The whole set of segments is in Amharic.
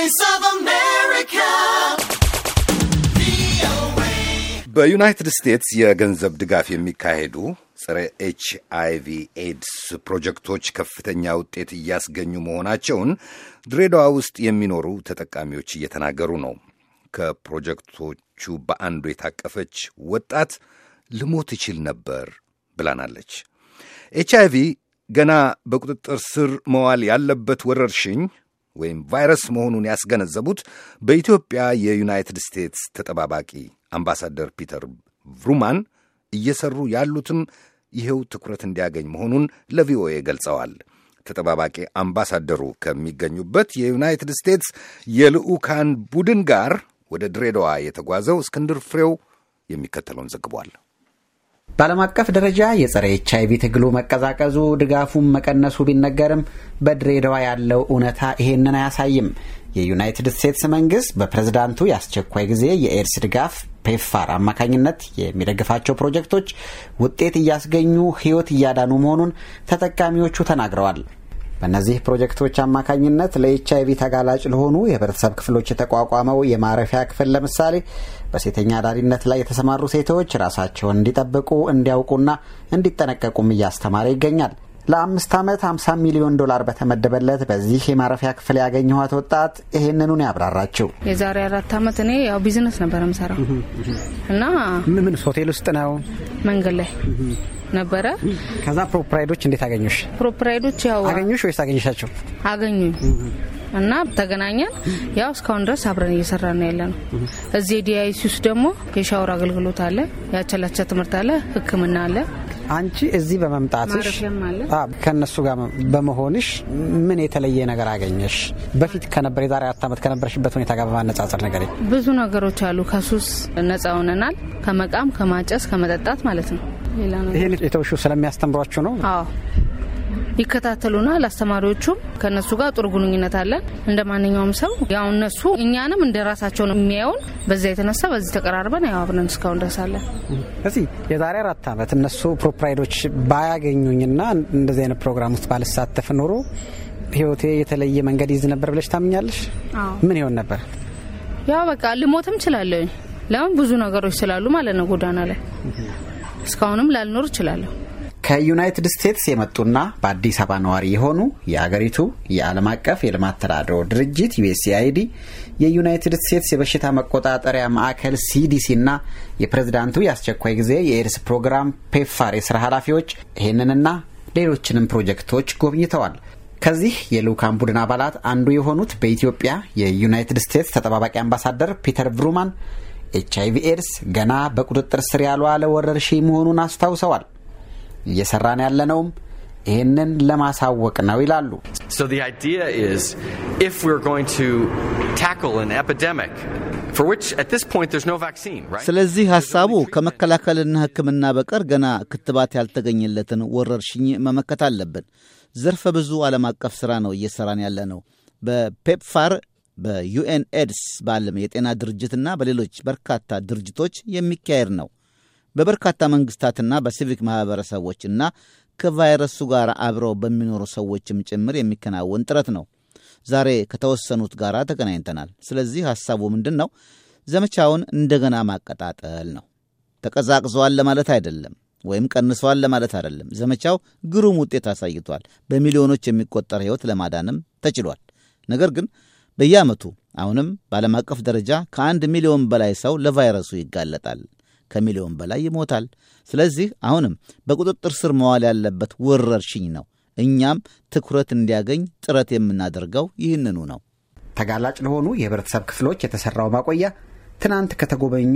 Voice of America. በዩናይትድ ስቴትስ የገንዘብ ድጋፍ የሚካሄዱ ጸረ ኤች አይቪ ኤድስ ፕሮጀክቶች ከፍተኛ ውጤት እያስገኙ መሆናቸውን ድሬዳዋ ውስጥ የሚኖሩ ተጠቃሚዎች እየተናገሩ ነው። ከፕሮጀክቶቹ በአንዱ የታቀፈች ወጣት ልሞት ይችል ነበር ብላናለች። ኤች አይቪ ገና በቁጥጥር ስር መዋል ያለበት ወረርሽኝ ወይም ቫይረስ መሆኑን ያስገነዘቡት በኢትዮጵያ የዩናይትድ ስቴትስ ተጠባባቂ አምባሳደር ፒተር ቭሩማን እየሰሩ ያሉትም ይኸው ትኩረት እንዲያገኝ መሆኑን ለቪኦኤ ገልጸዋል። ተጠባባቂ አምባሳደሩ ከሚገኙበት የዩናይትድ ስቴትስ የልዑካን ቡድን ጋር ወደ ድሬዳዋ የተጓዘው እስክንድር ፍሬው የሚከተለውን ዘግቧል። በዓለም አቀፍ ደረጃ የጸረ ኤች አይቪ ትግሉ መቀዛቀዙ ድጋፉን መቀነሱ ቢነገርም በድሬዳዋ ያለው እውነታ ይሄንን አያሳይም። የዩናይትድ ስቴትስ መንግስት በፕሬዝዳንቱ የአስቸኳይ ጊዜ የኤድስ ድጋፍ ፔፋር አማካኝነት የሚደግፋቸው ፕሮጀክቶች ውጤት እያስገኙ ሕይወት እያዳኑ መሆኑን ተጠቃሚዎቹ ተናግረዋል። በእነዚህ ፕሮጀክቶች አማካኝነት ለኤች አይቪ ተጋላጭ ለሆኑ የህብረተሰብ ክፍሎች የተቋቋመው የማረፊያ ክፍል ለምሳሌ በሴተኛ አዳሪነት ላይ የተሰማሩ ሴቶች ራሳቸውን እንዲጠብቁ እንዲያውቁና እንዲጠነቀቁም እያስተማረ ይገኛል። ለአምስት ዓመት 50 ሚሊዮን ዶላር በተመደበለት በዚህ የማረፊያ ክፍል ያገኘኋት ወጣት ይህንኑን ያብራራችው። የዛሬ አራት ዓመት እኔ ያው ቢዝነስ ነበር ምሰራ እና ምን ሆቴል ውስጥ ነው መንገድ ላይ ነበረ። ከዛ ፕሮፕራይዶች እንዴት አገኙሽ? ፕሮፕራይዶች ያው አገኙሽ ወይስ አገኘሻቸው? አገኙኝ እና ተገናኘን። ያው እስካሁን ድረስ አብረን እየሰራ ነው ያለ ነው። እዚህ ዲአይሲ ውስጥ ደግሞ የሻወር አገልግሎት አለ፣ ያቸላቸ ትምህርት አለ፣ ህክምና አለ። አንቺ እዚህ በመምጣትሽ ከእነሱ ጋር በመሆንሽ ምን የተለየ ነገር አገኘሽ? በፊት ከነበር የዛሬ አራት ዓመት ከነበረሽበት ሁኔታ ጋር በማነጻጸር ነገር ብዙ ነገሮች አሉ። ከሱስ ነጻ ሆነናል። ከመቃም፣ ከማጨስ፣ ከመጠጣት ማለት ነው ይሄን የተውሹ ስለሚያስተምሯችሁ ነው? አዎ ይከታተሉናል። አስተማሪዎቹም ከእነሱ ጋር ጥሩ ግንኙነት አለን። እንደ ማንኛውም ሰው ያው እነሱ እኛንም እንደ ራሳቸው ነው የሚያዩን። በዛ የተነሳ በዚህ ተቀራርበን ያው አብረን እስካሁን ደርሳለን። እዚህ የዛሬ አራት ዓመት እነሱ ፕሮፕራይዶች ባያገኙኝና እንደዚህ አይነት ፕሮግራም ውስጥ ባልሳተፍ ኖሮ ህይወቴ የተለየ መንገድ ይዝ ነበር ብለሽ ታምኛለሽ? ምን ይሆን ነበር? ያው በቃ ልሞትም ችላለኝ። ለምን ብዙ ነገሮች ስላሉ ማለት ነው ጎዳና ላይ እስካሁንም ላልኖር እችላለሁ። ከዩናይትድ ስቴትስ የመጡና በአዲስ አበባ ነዋሪ የሆኑ የአገሪቱ የዓለም አቀፍ የልማት ተራድኦ ድርጅት ዩኤስኤአይዲ፣ የዩናይትድ ስቴትስ የበሽታ መቆጣጠሪያ ማዕከል ሲዲሲና የፕሬዝዳንቱ የአስቸኳይ ጊዜ የኤድስ ፕሮግራም ፔፋር የስራ ኃላፊዎች ይህንንና ሌሎችንም ፕሮጀክቶች ጎብኝተዋል። ከዚህ የልዑካን ቡድን አባላት አንዱ የሆኑት በኢትዮጵያ የዩናይትድ ስቴትስ ተጠባባቂ አምባሳደር ፒተር ቭሩማን ኤች አይቪ ኤድስ ገና በቁጥጥር ስር ያልዋለ ወረርሽኝ መሆኑን አስታውሰዋል። እየሰራን ያለነውም ይህንን ለማሳወቅ ነው ይላሉ። ስለዚህ ሀሳቡ ከመከላከልና ሕክምና በቀር ገና ክትባት ያልተገኘለትን ወረርሽኝ መመከት አለብን። ዘርፈ ብዙ ዓለም አቀፍ ሥራ ነው እየሠራን ያለ ነው። በፔፕፋር በዩኤን ኤድስ ባለም የጤና ድርጅትና በሌሎች በርካታ ድርጅቶች የሚካሄድ ነው። በበርካታ መንግስታትና በሲቪክ ማኅበረሰቦች እና ከቫይረሱ ጋር አብረው በሚኖሩ ሰዎችም ጭምር የሚከናወን ጥረት ነው። ዛሬ ከተወሰኑት ጋር ተገናኝተናል። ስለዚህ ሐሳቡ ምንድን ነው? ዘመቻውን እንደገና ማቀጣጠል ነው። ተቀዛቅዘዋል ለማለት አይደለም፣ ወይም ቀንሰዋል ለማለት አይደለም። ዘመቻው ግሩም ውጤት አሳይቷል። በሚሊዮኖች የሚቆጠር ሕይወት ለማዳንም ተችሏል። ነገር ግን በየዓመቱ አሁንም በዓለም አቀፍ ደረጃ ከአንድ ሚሊዮን በላይ ሰው ለቫይረሱ ይጋለጣል፣ ከሚሊዮን በላይ ይሞታል። ስለዚህ አሁንም በቁጥጥር ስር መዋል ያለበት ወረርሽኝ ነው። እኛም ትኩረት እንዲያገኝ ጥረት የምናደርገው ይህንኑ ነው። ተጋላጭ ለሆኑ የህብረተሰብ ክፍሎች የተሰራው ማቆያ ትናንት ከተጎበኙ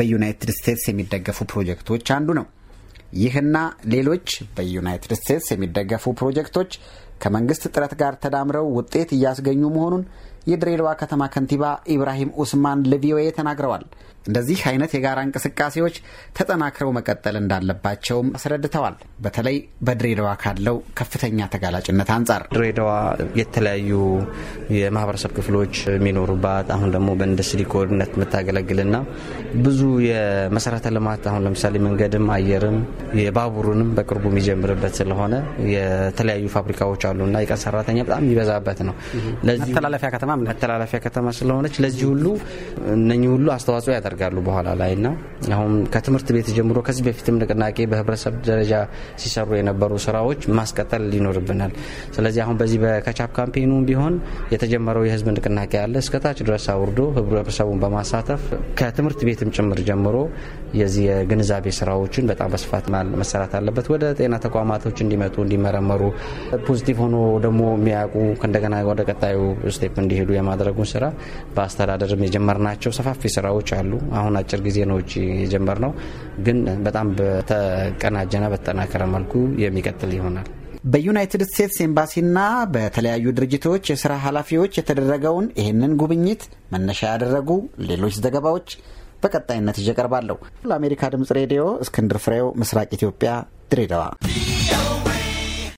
በዩናይትድ ስቴትስ የሚደገፉ ፕሮጀክቶች አንዱ ነው። ይህና ሌሎች በዩናይትድ ስቴትስ የሚደገፉ ፕሮጀክቶች ከመንግስት ጥረት ጋር ተዳምረው ውጤት እያስገኙ መሆኑን የድሬዳዋ ከተማ ከንቲባ ኢብራሂም ኡስማን ለቪኦኤ ተናግረዋል። እንደዚህ አይነት የጋራ እንቅስቃሴዎች ተጠናክረው መቀጠል እንዳለባቸውም አስረድተዋል። በተለይ በድሬዳዋ ካለው ከፍተኛ ተጋላጭነት አንጻር ድሬዳዋ የተለያዩ የማህበረሰብ ክፍሎች የሚኖሩባት አሁን ደግሞ በኢንዱስትሪ ኮርነት የምታገለግልና ብዙ የመሰረተ ልማት አሁን ለምሳሌ መንገድም፣ አየርም፣ የባቡሩንም በቅርቡ የሚጀምርበት ስለሆነ የተለያዩ ፋብሪካዎች ይበዛሉ እና የቀን ሰራተኛ በጣም የሚበዛበት ነው። መተላለፊያ ከተማ መተላለፊያ ከተማ ስለሆነች ለዚህ ሁሉ እነኚህ ሁሉ አስተዋጽኦ ያደርጋሉ በኋላ ላይ እና አሁን ከትምህርት ቤት ጀምሮ ከዚህ በፊትም ንቅናቄ በህብረተሰብ ደረጃ ሲሰሩ የነበሩ ስራዎች ማስቀጠል ይኖርብናል። ስለዚህ አሁን በዚህ በከቻፕ ካምፔኑ ቢሆን የተጀመረው የህዝብ ንቅናቄ አለ እስከታች ድረስ አውርዶ ህብረተሰቡን በማሳተፍ ከትምህርት ቤትም ጭምር ጀምሮ የዚህ የግንዛቤ ስራዎችን በጣም በስፋት መሰራት አለበት። ወደ ጤና ተቋማቶች እንዲመጡ እንዲመረመሩ ፖዚቲቭ ሆኖ ደግሞ የሚያውቁ እንደገና ወደ ቀጣዩ ስቴፕ እንዲሄዱ የማድረጉን ስራ በአስተዳደርም የጀመርናቸው ሰፋፊ ስራዎች አሉ። አሁን አጭር ጊዜ ነው የጀመር የጀመርነው፣ ግን በጣም በተቀናጀና በተጠናከረ መልኩ የሚቀጥል ይሆናል። በዩናይትድ ስቴትስ ኤምባሲና በተለያዩ ድርጅቶች የስራ ኃላፊዎች የተደረገውን ይህንን ጉብኝት መነሻ ያደረጉ ሌሎች ዘገባዎች በቀጣይነት ይዤ ቀርባለሁ። ለአሜሪካ ድምጽ ሬዲዮ እስክንድር ፍሬው፣ ምስራቅ ኢትዮጵያ፣ ድሬዳዋ